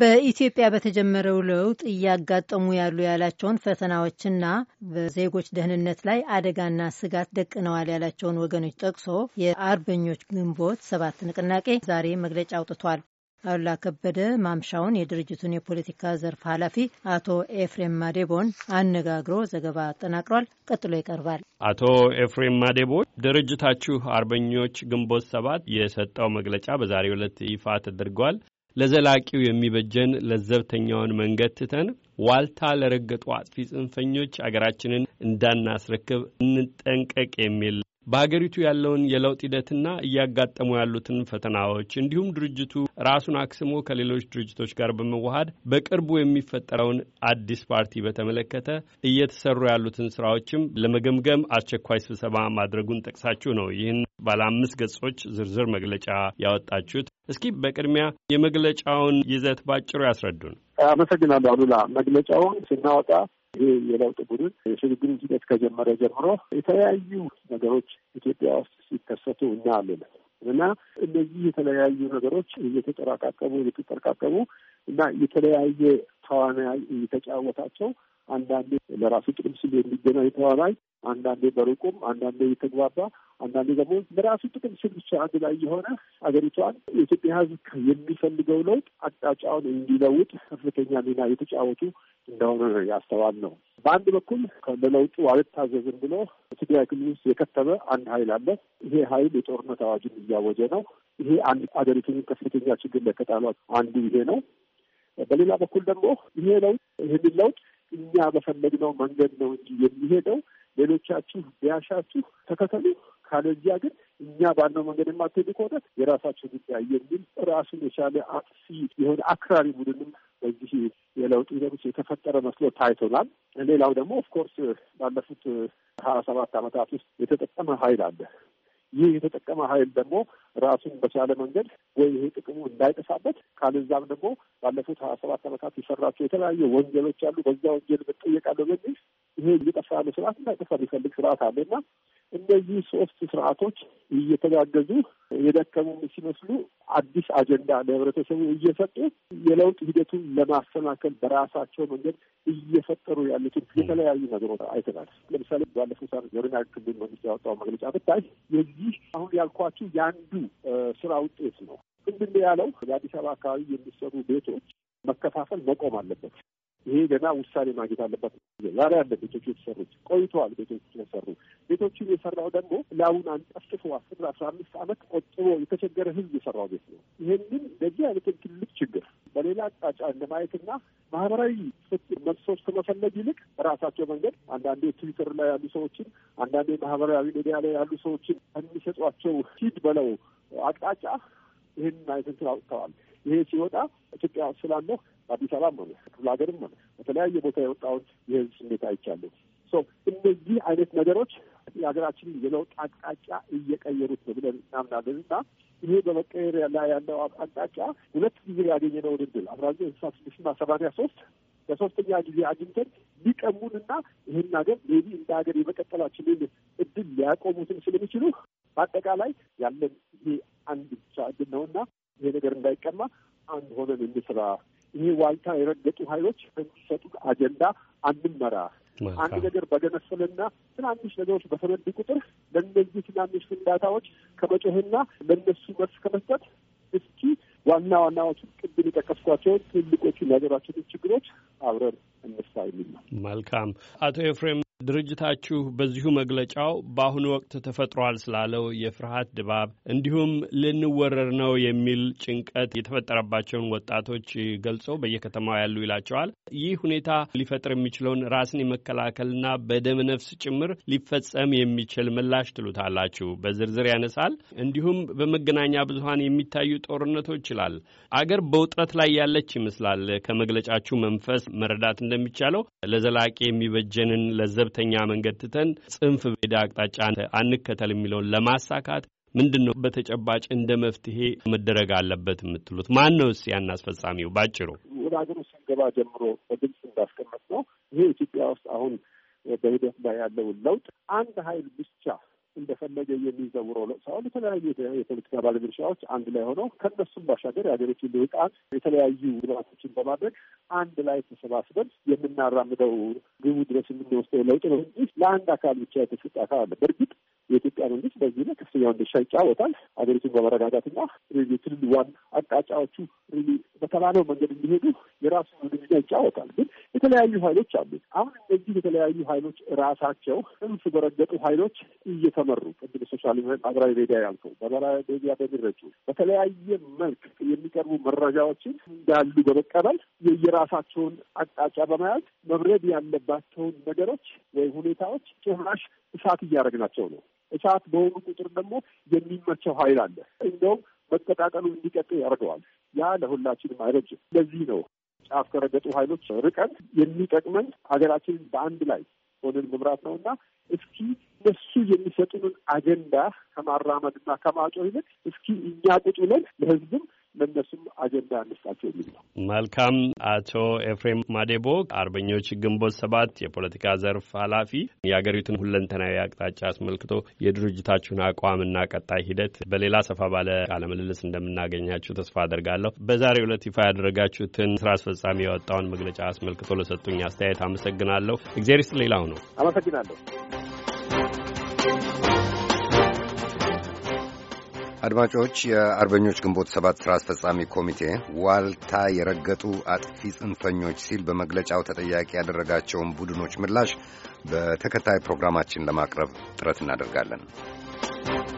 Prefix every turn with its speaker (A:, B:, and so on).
A: በኢትዮጵያ በተጀመረው ለውጥ እያጋጠሙ ያሉ ያላቸውን ፈተናዎችና በዜጎች ደህንነት ላይ አደጋና ስጋት ደቅነዋል ያላቸውን ወገኖች ጠቅሶ የአርበኞች ግንቦት ሰባት ንቅናቄ ዛሬ መግለጫ አውጥቷል። አሉላ ከበደ ማምሻውን የድርጅቱን የፖለቲካ ዘርፍ ኃላፊ አቶ ኤፍሬም ማዴቦን አነጋግሮ ዘገባ አጠናቅሯል። ቀጥሎ ይቀርባል።
B: አቶ ኤፍሬም ማዴቦ፣ ድርጅታችሁ አርበኞች ግንቦት ሰባት የሰጠው መግለጫ በዛሬው ዕለት ይፋ ተደርጓል። ለዘላቂው የሚበጀን ለዘብተኛውን መንገድ ትተን ዋልታ ለረገጡ አጥፊ ጽንፈኞች አገራችንን እንዳናስረክብ እንጠንቀቅ የሚል በሀገሪቱ ያለውን የለውጥ ሂደትና እያጋጠሙ ያሉትን ፈተናዎች እንዲሁም ድርጅቱ ራሱን አክስሞ ከሌሎች ድርጅቶች ጋር በመዋሃድ በቅርቡ የሚፈጠረውን አዲስ ፓርቲ በተመለከተ እየተሰሩ ያሉትን ስራዎችም ለመገምገም አስቸኳይ ስብሰባ ማድረጉን ጠቅሳችሁ ነው ይህን ባለ አምስት ገጾች ዝርዝር መግለጫ ያወጣችሁት። እስኪ በቅድሚያ የመግለጫውን ይዘት ባጭሩ ያስረዱን።
A: አመሰግናለሁ አሉላ። መግለጫውን ስናወጣ ይሄ የለውጥ ቡድን የሽግግር ሂደት ከጀመረ ጀምሮ የተለያዩ ነገሮች ኢትዮጵያ ውስጥ ሲከሰቱ እና አለን እና እነዚህ የተለያዩ ነገሮች እየተጠራቃቀቡ እየተጠረቃቀቡ እና የተለያየ ተዋናይ እየተጫወታቸው አንዳንዴ ለራሱ ጥቅም ሲል የሚገናኝ ተዋናይ፣ አንዳንዴ በሩቁም፣ አንዳንዴ የተግባባ፣ አንዳንዴ ደግሞ ለራሱ ጥቅም ሲል ብቻ አንድ ላይ የሆነ አገሪቷን የኢትዮጵያ ሕዝብ የሚፈልገው ለውጥ አቅጣጫውን እንዲለውጥ ከፍተኛ ሚና የተጫወቱ እንደሆነ ያስተዋል ነው። በአንድ በኩል ለለውጡ አልታዘዝም ብሎ ትግራይ ክልል ውስጥ የከተበ አንድ ኃይል አለ። ይሄ ኃይል የጦርነት አዋጅን እያወጀ ነው። ይሄ አንድ አገሪቱን ከፍተኛ ችግር ለከጣሏት አንዱ ይሄ ነው። በሌላ በኩል ደግሞ ይሄ ለውጥ ይህንን ለውጥ እኛ በፈለግነው መንገድ ነው እንጂ የሚሄደው። ሌሎቻችሁ ቢያሻችሁ ተከተሉ፣ ካለዚያ ግን እኛ ባለው መንገድ የማትሄዱ ከሆነ የራሳችሁ ጉዳይ የሚል ራሱን የቻለ አጥፊ የሆነ አክራሪ ቡድንም በዚህ የለውጥ ሂደት የተፈጠረ መስሎ ታይቶናል። ሌላው ደግሞ ኦፍኮርስ ባለፉት ሀያ ሰባት ዓመታት ውስጥ የተጠቀመ ሀይል አለ። ይህ የተጠቀመ ኃይል ደግሞ ራሱን በቻለ መንገድ ወይ ይሄ ጥቅሙ እንዳይጠፋበት ካለዛም ደግሞ ባለፉት ሀያ ሰባት ዓመታት የሰራቸው የተለያዩ ወንጀሎች አሉ፣ በዛ ወንጀል እጠየቃለሁ በሚል ይሄ እየጠፋ ያለ ስርዓት ጠፋ የሚፈልግ ስርዓት አለ እና እነዚህ ሶስት ስርዓቶች እየተጋገዙ የደከሙ ሲመስሉ አዲስ አጀንዳ ለህብረተሰቡ እየሰጡ የለውጥ ሂደቱን ለማሰናከል በራሳቸው መንገድ እየፈጠሩ ያሉትን የተለያዩ ነገሮች አይተናል። ለምሳሌ ባለፈው ሳምንት የኦሮሚያ ክልል መንግስት ያወጣው መግለጫ ብታይ የዚህ አሁን ያልኳቸው የአንዱ ስራ ውጤት ነው። ምንድን ነው ያለው? በአዲስ አበባ አካባቢ የሚሰሩ ቤቶች መከፋፈል መቆም አለበት። ይሄ ገና ውሳኔ ማግኘት አለበት። ዛሬ ያለ ቤቶች የተሰሩት ቆይተዋል። ቤቶች የተሰሩ ቤቶችን የሰራው ደግሞ ለአሁን አንጠፍጥፎ አስር አስራ አምስት ዓመት ቆጥቦ የተቸገረ ህዝብ የሰራው ቤት ነው። ይህንን በዚህ አይነት ትልቅ ችግር በሌላ አቅጣጫ እንደማየትና ማህበራዊ ፍትህ መልሶች ከመፈለግ ይልቅ በራሳቸው መንገድ አንዳንዴ ትዊተር ላይ ያሉ ሰዎችን፣ አንዳንዴ ማህበራዊ ሚዲያ ላይ ያሉ ሰዎችን የሚሰጧቸው ሂድ በለው አቅጣጫ ይህን አይነት እንትን አውጥተዋል። ይሄ ሲወጣ ኢትዮጵያ ስላለሁ አዲስ አበባም ሆነ ክፍለ ሀገርም ሆነ በተለያየ ቦታ የወጣውን የህዝብ ስሜት አይቻለሁ። እነዚህ አይነት ነገሮች የሀገራችን የለውጥ አቅጣጫ እየቀየሩት ነው ብለን እናምናለን እና ይሄ በመቀየር ላይ ያለው አቅጣጫ ሁለት ጊዜ ያገኘነውን እድል አስራ ዘጠኝ ስልሳ ስድስትና ሰማንያ ሶስት ለሶስተኛ ጊዜ አግኝተን ሊቀሙንና ይህን ሀገር ሌቢ እንደ ሀገር የመቀጠላችንን እድል ሊያቆሙትን ስለሚችሉ በአጠቃላይ ያለን ይሄ አንድ ብቻ እድል እና ይሄ ነገር እንዳይቀማ አንድ ሆነን እንስራ። ይሄ ዋልታ የረገጡ ኃይሎች በሚሰጡት አጀንዳ አንመራ። አንድ ነገር በገነፈለና ትናንሽ ነገሮች በተመዱ ቁጥር ለእነዚህ ትናንሽ ፍንዳታዎች ከመጮህና ለእነሱ መልስ ከመስጠት እስኪ ዋና ዋናዎቹ ቅድም የጠቀስኳቸውን ትልቆቹ የሀገራችንን ችግሮች አብረን እነሳ የሚል ነው።
B: መልካም አቶ ኤፍሬም ድርጅታችሁ በዚሁ መግለጫው በአሁኑ ወቅት ተፈጥሯል ስላለው የፍርሃት ድባብ እንዲሁም ልንወረር ነው የሚል ጭንቀት የተፈጠረባቸውን ወጣቶች ገልጾ በየከተማው ያሉ ይላቸዋል። ይህ ሁኔታ ሊፈጥር የሚችለውን ራስን የመከላከልና በደም ነፍስ ጭምር ሊፈጸም የሚችል ምላሽ ትሉታላችሁ። በዝርዝር ያነሳል። እንዲሁም በመገናኛ ብዙኃን የሚታዩ ጦርነቶች ይላል። አገር በውጥረት ላይ ያለች ይመስላል። ከመግለጫችሁ መንፈስ መረዳት እንደ እንደሚቻለው ለዘላቂ የሚበጀንን ለዘብተኛ መንገድ ትተን ጽንፍ ቤዳ አቅጣጫ አንከተል የሚለውን ለማሳካት ምንድን ነው በተጨባጭ እንደ መፍትሄ መደረግ አለበት የምትሉት? ማን ነው እስ ያን አስፈጻሚው? ባጭሩ
A: ወደ ሀገር ውስጥ ስንገባ ጀምሮ በግልጽ እንዳስቀመጥ ነው ይህ ኢትዮጵያ ውስጥ አሁን በሂደት ላይ ያለውን ለውጥ አንድ ሀይል ብቻ እንደፈለገ የሚዘውረው ሳይሆን የተለያዩ የፖለቲካ ባለድርሻዎች አንድ ላይ ሆነው ከነሱም ባሻገር የሀገሪቱ ልሂቃን የተለያዩ ግባቶችን በማድረግ አንድ ላይ ተሰባስበን የምናራምደው ግቡ ድረስ የምንወስደው ለውጥ ነው እንጂ ለአንድ አካል ብቻ የተሰጠ አካል አለ። በእርግጥ የኢትዮጵያ መንግስት በዚህ ላይ ከፍተኛውን ድርሻ ይጫወታል። ሀገሪቱን በመረጋጋትና ትልልዋን አቅጣጫዎቹ በተባለው መንገድ እንዲሄዱ የራሱ ድርሻ ይጫወታል ግን የተለያዩ ኃይሎች አሉ። አሁን እነዚህ የተለያዩ ኃይሎች ራሳቸው እንፍ በረገጡ ኃይሎች እየተመሩ ቅድም ሶሻል አብራሪ ሚዲያ ያልከው በአብራሪ ሚዲያ በሚረጩ በተለያየ መልክ የሚቀርቡ መረጃዎችን እንዳሉ በመቀበል የየራሳቸውን አቅጣጫ በመያዝ መብረድ ያለባቸውን ነገሮች ወይም ሁኔታዎች ጭራሽ እሳት እያደረግናቸው ነው። እሳት በሆኑ ቁጥር ደግሞ የሚመቸው ኃይል አለ። እንደውም መቀጣጠሉ እንዲቀጥል ያደርገዋል። ያ ለሁላችንም አይረጅም። ለዚህ ነው ጫፍ ከረገጡ ኃይሎች ርቀን የሚጠቅመን ሀገራችን በአንድ ላይ ሆነን መምራት ነው እና እስኪ እነሱ የሚሰጡንን አጀንዳ ከማራመድ ከማራመድና ከማጮ ይልቅ እስኪ እኛ ቁጭ ብለን ለህዝብም ለእነሱም አጀንዳ እንስጣቸው የሚል
B: ነው። መልካም። አቶ ኤፍሬም ማዴቦ አርበኞች ግንቦት ሰባት የፖለቲካ ዘርፍ ኃላፊ የሀገሪቱን ሁለንተናዊ አቅጣጫ አስመልክቶ የድርጅታችሁን አቋምና ቀጣይ ሂደት በሌላ ሰፋ ባለ ቃለምልልስ እንደምናገኛችሁ ተስፋ አደርጋለሁ። በዛሬው ዕለት ይፋ ያደረጋችሁትን ስራ አስፈጻሚ የወጣውን መግለጫ አስመልክቶ ለሰጡኝ አስተያየት አመሰግናለሁ። እግዚአብሔር ይስጥ። ሌላው ነው አመሰግናለሁ። አድማጮች፣ የአርበኞች ግንቦት ሰባት ሥራ አስፈጻሚ ኮሚቴ ዋልታ የረገጡ አጥፊ ጽንፈኞች ሲል በመግለጫው ተጠያቂ ያደረጋቸውን ቡድኖች ምላሽ በተከታይ ፕሮግራማችን ለማቅረብ ጥረት እናደርጋለን።